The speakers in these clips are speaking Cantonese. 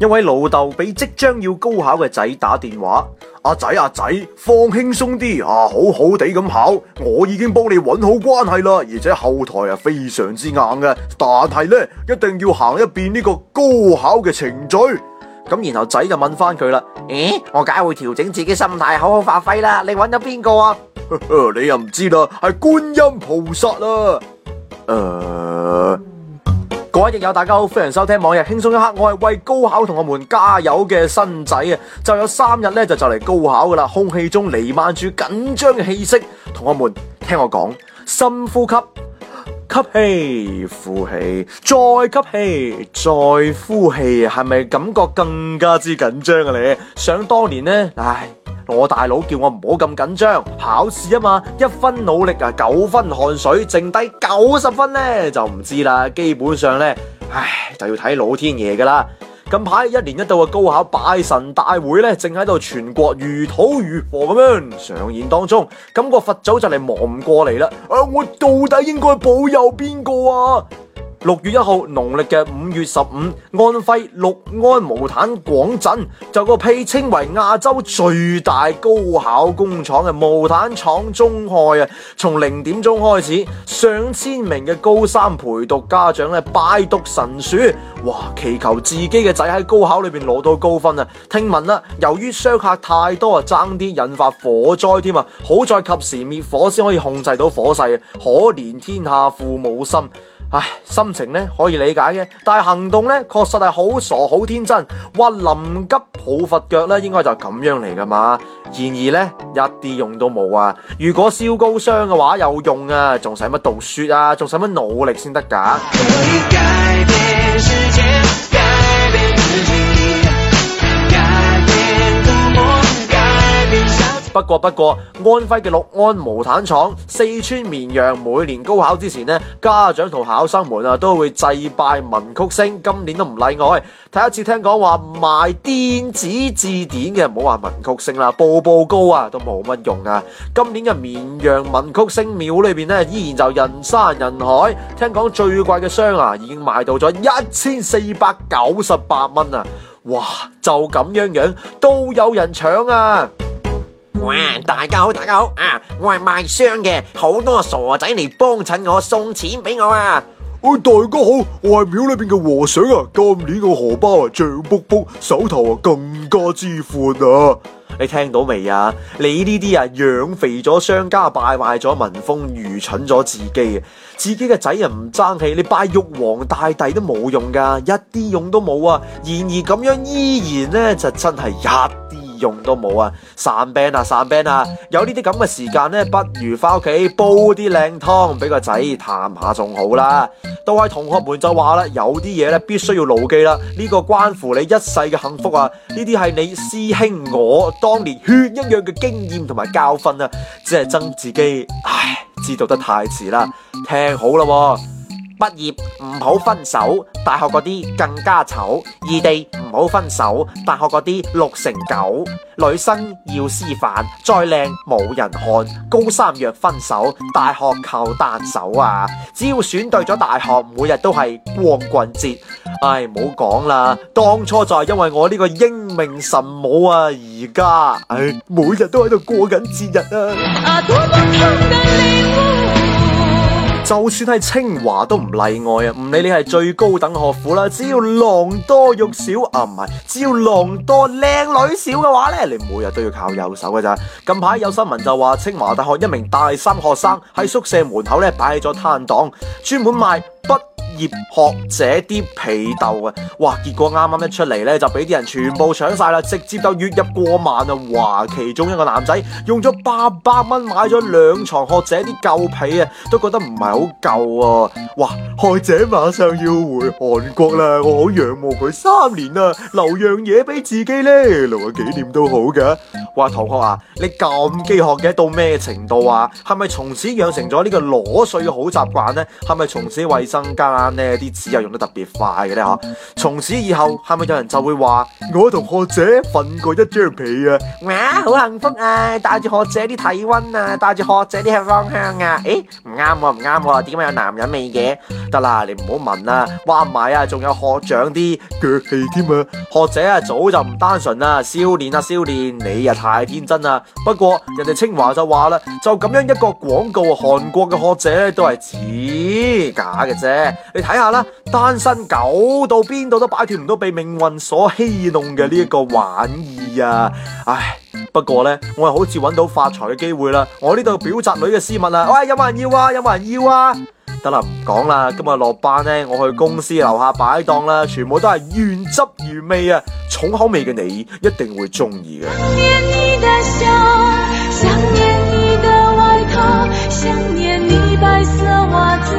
一位老豆俾即將要高考嘅仔打電話：阿仔阿仔，放輕鬆啲啊，好好地咁考。我已經幫你揾好關係啦，而且後台啊非常之硬嘅。但係呢，一定要行一遍呢個高考嘅程序。咁然後仔就問翻佢啦：咦、欸，我梗係會調整自己心態，好好發揮啦。你揾咗邊個啊？呵呵，你又唔知啦，係觀音菩薩啦、啊。誒、呃。網友大家好，歡迎收聽網易輕鬆一刻，我係為高考同學們加油嘅新仔啊！就有三日咧就就嚟高考㗎喇，空氣中彌漫住緊張嘅氣息。同學們聽我講，深呼吸，吸氣，呼氣，再吸氣，再呼氣啊！係咪感覺更加之緊張啊？你想當年咧，唉。我大佬叫我唔好咁緊張，考試啊嘛，一分努力啊九分汗水，剩低九十分呢，就唔知啦。基本上呢，唉就要睇老天爺噶啦。近排一年一度嘅高考拜神大會呢，正喺度全國如土如火咁樣上演當中，咁個佛祖就嚟忙唔過嚟啦。誒、啊，我到底應該保佑邊個啊？六月一號，農曆嘅五月十五，安徽六安毛坦廠鎮就個被稱為亞洲最大高考工廠嘅毛坦廠中害啊，從零點鐘開始，上千名嘅高三陪讀家長咧拜讀神書，哇，祈求自己嘅仔喺高考裏邊攞到高分啊！聽聞啦、啊，由於香客太多啊，爭啲引發火災添啊，好在及時滅火先可以控制到火勢、啊。可憐天下父母心。唉，心情咧可以理解嘅，但係行動咧確實係好傻好天真，話臨急抱佛腳咧，應該就係咁樣嚟噶嘛。然而咧一啲用都冇啊！如果燒高傷嘅話有用啊，仲使乜讀書啊？仲使乜努力先得噶？可以改變世界。不過不過，安徽嘅六安毛坦廠、四川綿陽每年高考之前呢，家長同考生們啊都會祭拜文曲星，今年都唔例外。第一次聽講話賣電子字典嘅，唔好話文曲星啦，步步高啊都冇乜用啊。今年嘅綿陽文曲星廟裏邊呢，依然就人山人海。聽講最貴嘅香啊，已經賣到咗一千四百九十八蚊啊！哇，就咁樣樣都有人搶啊！喂，大家好，大家好啊！我係賣商嘅，好多傻仔嚟幫襯我送錢俾我啊！喂，大家好，我係廟裏邊嘅和尚啊，今年個荷包啊脹卜卜，手頭啊更加之闊啊！你聽到未啊？你呢啲啊，養肥咗商家，敗壞咗民風，愚蠢咗自己啊！自己嘅仔人唔爭氣，你拜玉皇大帝都冇用噶，一啲用都冇啊！然而咁樣依然呢，就真係一啲。用都冇啊，散兵啊，散兵啊！有呢啲咁嘅時間呢，不如翻屋企煲啲靚湯俾個仔談下仲好啦。多位同學們就話啦，有啲嘢咧必須要牢記啦，呢個關乎你一世嘅幸福啊！呢啲係你師兄我當年血一樣嘅經驗同埋教訓啊，只係憎自己唉，知道得太遲啦，聽好啦喎！畢業唔好分手，大學嗰啲更加醜；異地唔好分手，大學嗰啲六成九。女生要師範，再靚冇人看。高三若分手，大學靠單手啊！只要選對咗大學，每日都係光棍節。唉，唔好講啦，當初就係因為我呢個英明神武啊，而家唉，每日都喺度過緊節日啊。多、啊，就算係清華都唔例外啊！唔理你係最高等學府啦，只要狼多肉少啊，唔係，只要狼多靚女少嘅話呢，你每日都要靠右手嘅咋。近排有新聞就話，清華大學一名大三學生喺宿舍門口呢擺起咗攤檔，專門賣筆。葉學者啲被竇啊，哇！結果啱啱一出嚟呢就俾啲人全部搶晒啦，直接就月入過萬啊！哇！其中一個男仔用咗八百蚊買咗兩床學者啲舊被啊，都覺得唔係好夠啊！哇！學者馬上要回韓國啦，我好仰慕佢三年啦，留樣嘢俾自己呢，留個紀念都好嘅。啊、同學啊，你咁飢渴嘅，到咩程度啊？係咪從此養成咗呢個裸睡嘅好習慣呢？係咪從此衛生間呢啲紙又用得特別快嘅呢？吓、啊，從此以後係咪有人就會話我同學姐瞓過一張被啊？哇，好幸福啊！帶住學姐啲體溫啊，帶住學姐啲香香啊！誒、欸，唔啱喎，唔啱喎，點解有男人味嘅？得啦，你唔好問啦、啊。哇，話埋啊，仲有學長啲腳氣添啊！學姐啊，早就唔單純啦，少年啊，少年、啊啊。你又太天真啦、啊！不過人哋清華就話啦，就咁樣一個廣告，韓國嘅學者都係似假嘅啫。你睇下啦，單身狗到邊度都擺脫唔到被命運所戲弄嘅呢一個玩意啊！唉，不過呢，我又好似揾到發財嘅機會啦！我呢度表侄女嘅私物啊！喂，有冇人要啊？有冇人要啊？得啦，唔講啦，今日落班呢，我去公司樓下擺檔啦，全部都係原汁原味啊！重口味嘅你一定會中意嘅。想念你的笑，想念你的外套，想念你白色襪子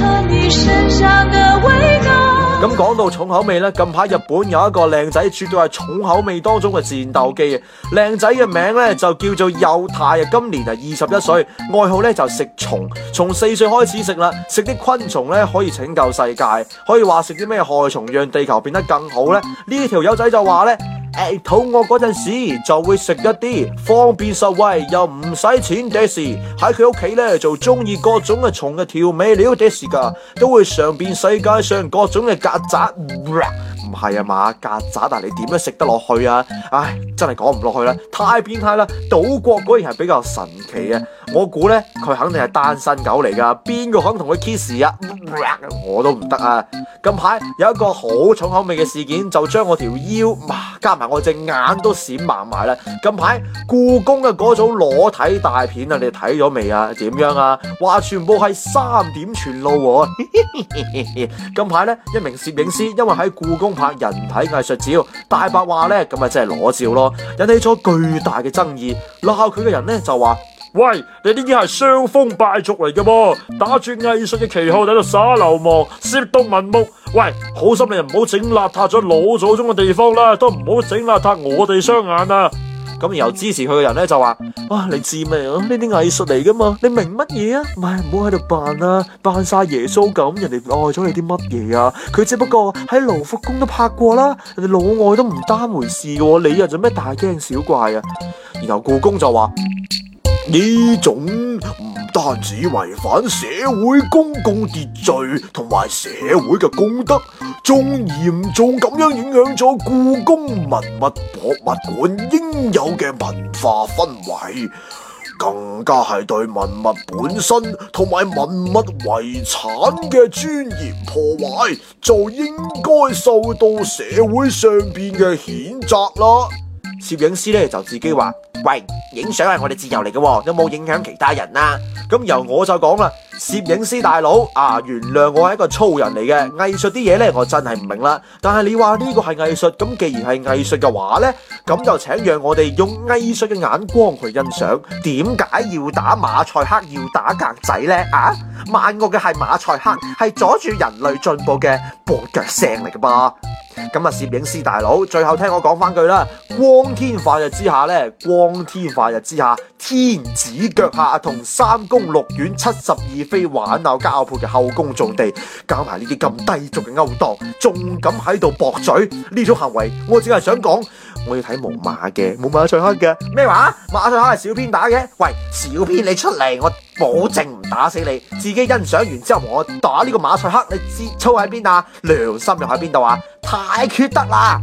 和你身上的味道。咁講到重口味呢，近排日本有一個靚仔，絕對係重口味當中嘅戰鬥機啊！靚仔嘅名呢就叫做幼太啊，今年係二十一歲，愛好呢就食蟲，從四歲開始食啦，食啲昆蟲呢，可以拯救世界，可以話食啲咩害蟲，讓地球變得更好呢。呢條友仔就話呢。誒，肚餓嗰陣時就會食一啲方便實惠又唔使錢嘅事，喺佢屋企咧就中意各種嘅蟲嘅調味料嘅事噶，都會嘗遍世界上各種嘅曱甴。唔係啊嘛，曱甴，但係你點樣食得落去啊？唉。真係講唔落去啦，太變態啦！島國果然係比較神奇啊，我估咧佢肯定係單身狗嚟噶，邊個肯同佢 kiss 啊，呃？我都唔得啊！近排有一個好重口味嘅事件，就將我條腰加埋我隻眼都閃盲埋啦！近排故宮嘅嗰組裸體大片啊，你睇咗未啊？點樣啊？話全部係三點全露喎，啊！ 近排咧，一名攝影師因為喺故宮拍人體藝術照，大白話咧咁啊，真係裸照咯。引起咗巨大嘅爭議，鬧佢嘅人咧就話：，喂，你呢啲係傷風敗俗嚟嘅噃，打住藝術嘅旗號喺度耍流氓，褻瀆文物。喂，好心你唔好整邋遢咗老祖宗嘅地方啦，都唔好整邋遢我哋雙眼啦。咁然後支持佢嘅人咧就話：，啊，你知咩啊？呢啲藝術嚟噶嘛，你明乜嘢啊？唔係，唔好喺度扮啊，扮晒耶穌咁，人哋愛咗你啲乜嘢啊？佢只不過喺盧浮宮都拍過啦，人哋老外都唔單回事嘅喎，你又做咩大驚小怪啊？然後故宮就話。呢種唔單止違反社會公共秩序同埋社會嘅公德，仲嚴重咁樣影響咗故宮文物博物館應有嘅文化氛圍，更加係對文物本身同埋文物遺產嘅尊嚴破壞，就應該受到社會上邊嘅譴責啦。攝影師呢就自己話。喂，影相係我哋自由嚟嘅，有冇影響其他人啊？咁由我就講啦，攝影師大佬啊，原諒我係一個粗人嚟嘅，藝術啲嘢呢，我真係唔明啦。但係你話呢個係藝術，咁既然係藝術嘅話呢，咁就請讓我哋用藝術嘅眼光去欣賞。點解要打馬賽克，要打格仔呢？啊，萬惡嘅係馬賽克，係阻住人類進步嘅絆腳石嚟嘅吧？咁啊，攝影師大佬，最後聽我講翻句啦，光天化日之下呢。光天化日之下，天子腳下同三宮六院七十二妃玩鬧交配嘅後宮重地，加埋呢啲咁低俗嘅勾當，仲敢喺度駁嘴？呢種行為，我只係想講，我要睇無碼嘅，冇碼馬賽克嘅咩話？馬賽克係小編打嘅，喂，小編你出嚟，我保證唔打死你。自己欣賞完之後，我打呢個馬賽克，你知操喺邊啊？良心又喺邊度啊？太缺德啦！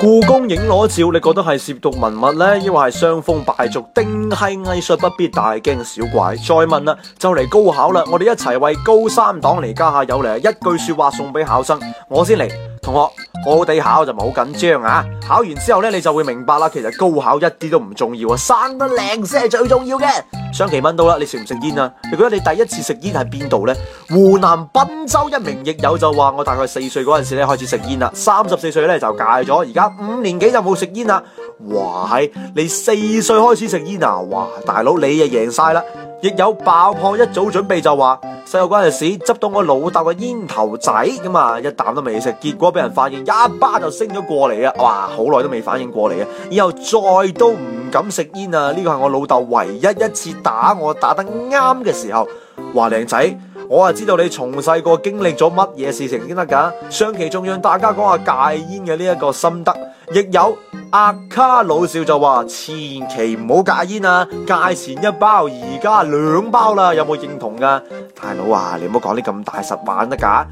故宮影裸照，你覺得係褻瀆文物呢？抑或係傷風敗俗，定係藝術不必大驚小怪？再問啦，就嚟高考啦，我哋一齊為高三黨嚟加下油嚟啊！一句說話送俾考生，我先嚟。同學，我哋考我就唔好緊張啊。考完之後呢，你就會明白啦。其實高考一啲都唔重要啊，生得靚先係最重要嘅。上期問到啦，你食唔食煙啊？你覺得你第一次食煙喺邊度呢？湖南郴州一名亦友就話：我大概四歲嗰陣時咧開始食煙啦，三十四歲咧就戒咗，而家五年幾就冇食煙啦。哇！喺你四歲開始食煙啊？哇，大佬你啊贏晒啦！亦有爆破，一早準備就話，細路嗰陣時執到我老豆嘅煙頭仔咁啊，一啖都未食，結果俾人發現一巴就升咗過嚟啊！哇，好耐都未反應過嚟啊，以後再都唔敢食煙啊！呢個係我老豆唯一一次打我打得啱嘅時候，話靚仔。我就知道你從細個經歷咗乜嘢事情先得噶，上期仲讓大家講下戒煙嘅呢一個心得，亦有阿卡老少就話千祈唔好戒煙啊，戒前一包而家兩包啦，有冇認同噶、啊？大佬啊，你唔好講啲咁大實話得架。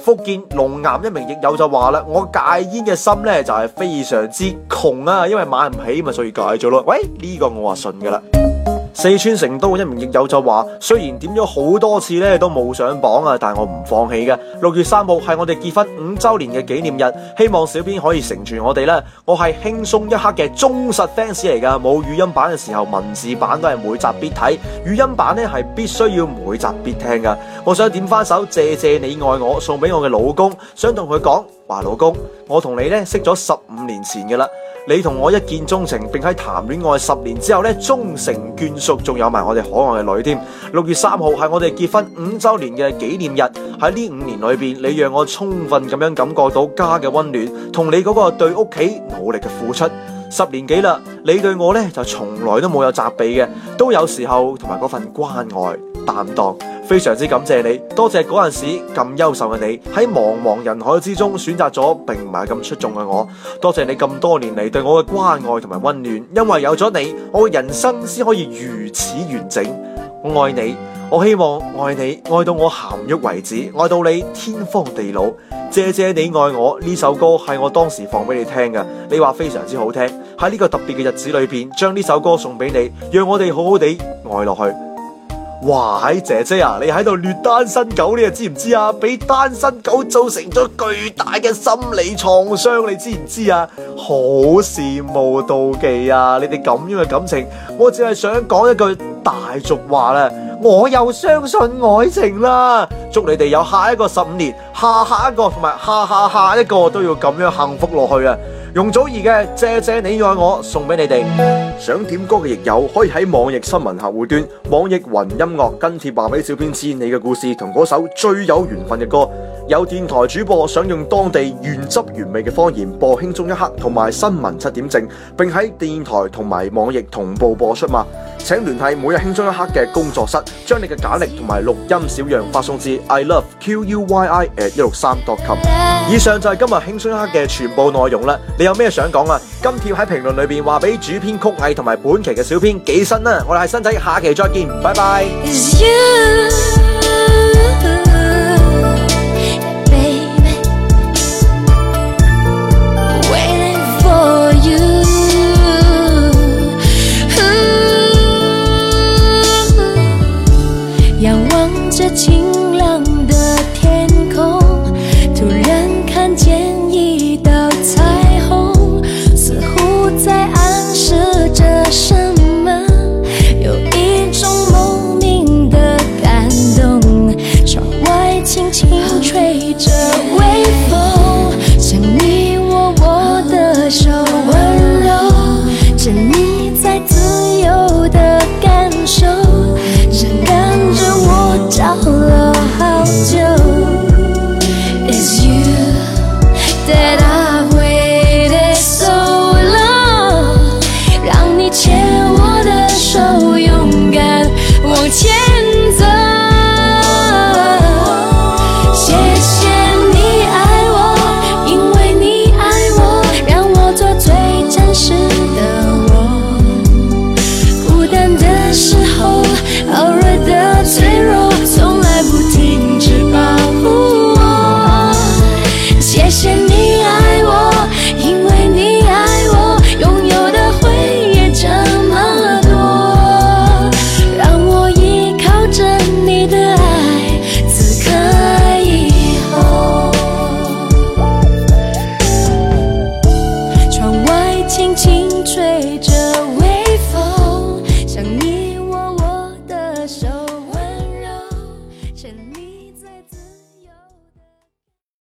福建龍岩一名亦友就話啦，我戒煙嘅心咧就係非常之窮啊，因為買唔起嘛，所以戒咗咯。喂，呢、這個我話信噶啦。四川成都一名亦友就話：雖然點咗好多次咧都冇上榜啊，但係我唔放棄嘅。六月三號係我哋結婚五周年嘅紀念日，希望小編可以成全我哋啦。我係輕鬆一刻嘅忠實 fans 嚟噶，冇語音版嘅時候文字版都係每集必睇，語音版咧係必須要每集必聽噶。我想點翻首《謝謝你愛我》送俾我嘅老公，想同佢講話：老公，我同你咧識咗十五年前噶啦。你同我一見鍾情，並喺談戀愛十年之後咧，終成眷屬，仲有埋我哋可愛嘅女添。六月三號係我哋結婚五周年嘅紀念日，喺呢五年裏邊，你讓我充分咁樣感覺到家嘅温暖，同你嗰個對屋企努力嘅付出。十年幾啦，你對我咧就從來都冇有責備嘅，都有時候同埋嗰份關愛。擔當非常之感謝你，多謝嗰陣時咁優秀嘅你喺茫茫人海之中選擇咗並唔係咁出眾嘅我，多謝你咁多年嚟對我嘅關愛同埋温暖，因為有咗你，我嘅人生先可以如此完整。我愛你，我希望愛你愛到我咸喐為止，愛到你天荒地老。謝謝你愛我呢首歌係我當時放俾你聽嘅，你話非常之好聽。喺呢個特別嘅日子裏邊，將呢首歌送俾你，讓我哋好好地愛落去。哇！喺姐姐啊，你喺度虐單身狗你又知唔知啊？俾單身狗造成咗巨大嘅心理創傷，你知唔知啊？好羨慕妒忌啊！你哋咁樣嘅感情，我只係想講一句大俗話啦！我又相信愛情啦！祝你哋有下一個十五年，下下一個同埋下下下一個都要咁樣幸福落去啊！容祖兒嘅《謝謝你愛我》送俾你哋，想點歌嘅亦有，可以喺網易新聞客戶端、網易雲音樂跟帖話俾小編知你嘅故事同嗰首最有緣分嘅歌。有電台主播想用當地原汁原味嘅方言播《輕鬆一刻》同埋新聞七點正，並喺電台同埋網易同步播出嘛？請聯繫每日《輕鬆一刻》嘅工作室，將你嘅簡歷同埋錄音小樣發送至 i love q u y i at 163 dot com。以上就係今日《輕鬆一刻》嘅全部內容啦。你有咩想講啊？今貼喺評論裏邊話俾主編曲藝同埋本期嘅小編幾新啦。我哋係新仔，下期再見，拜拜。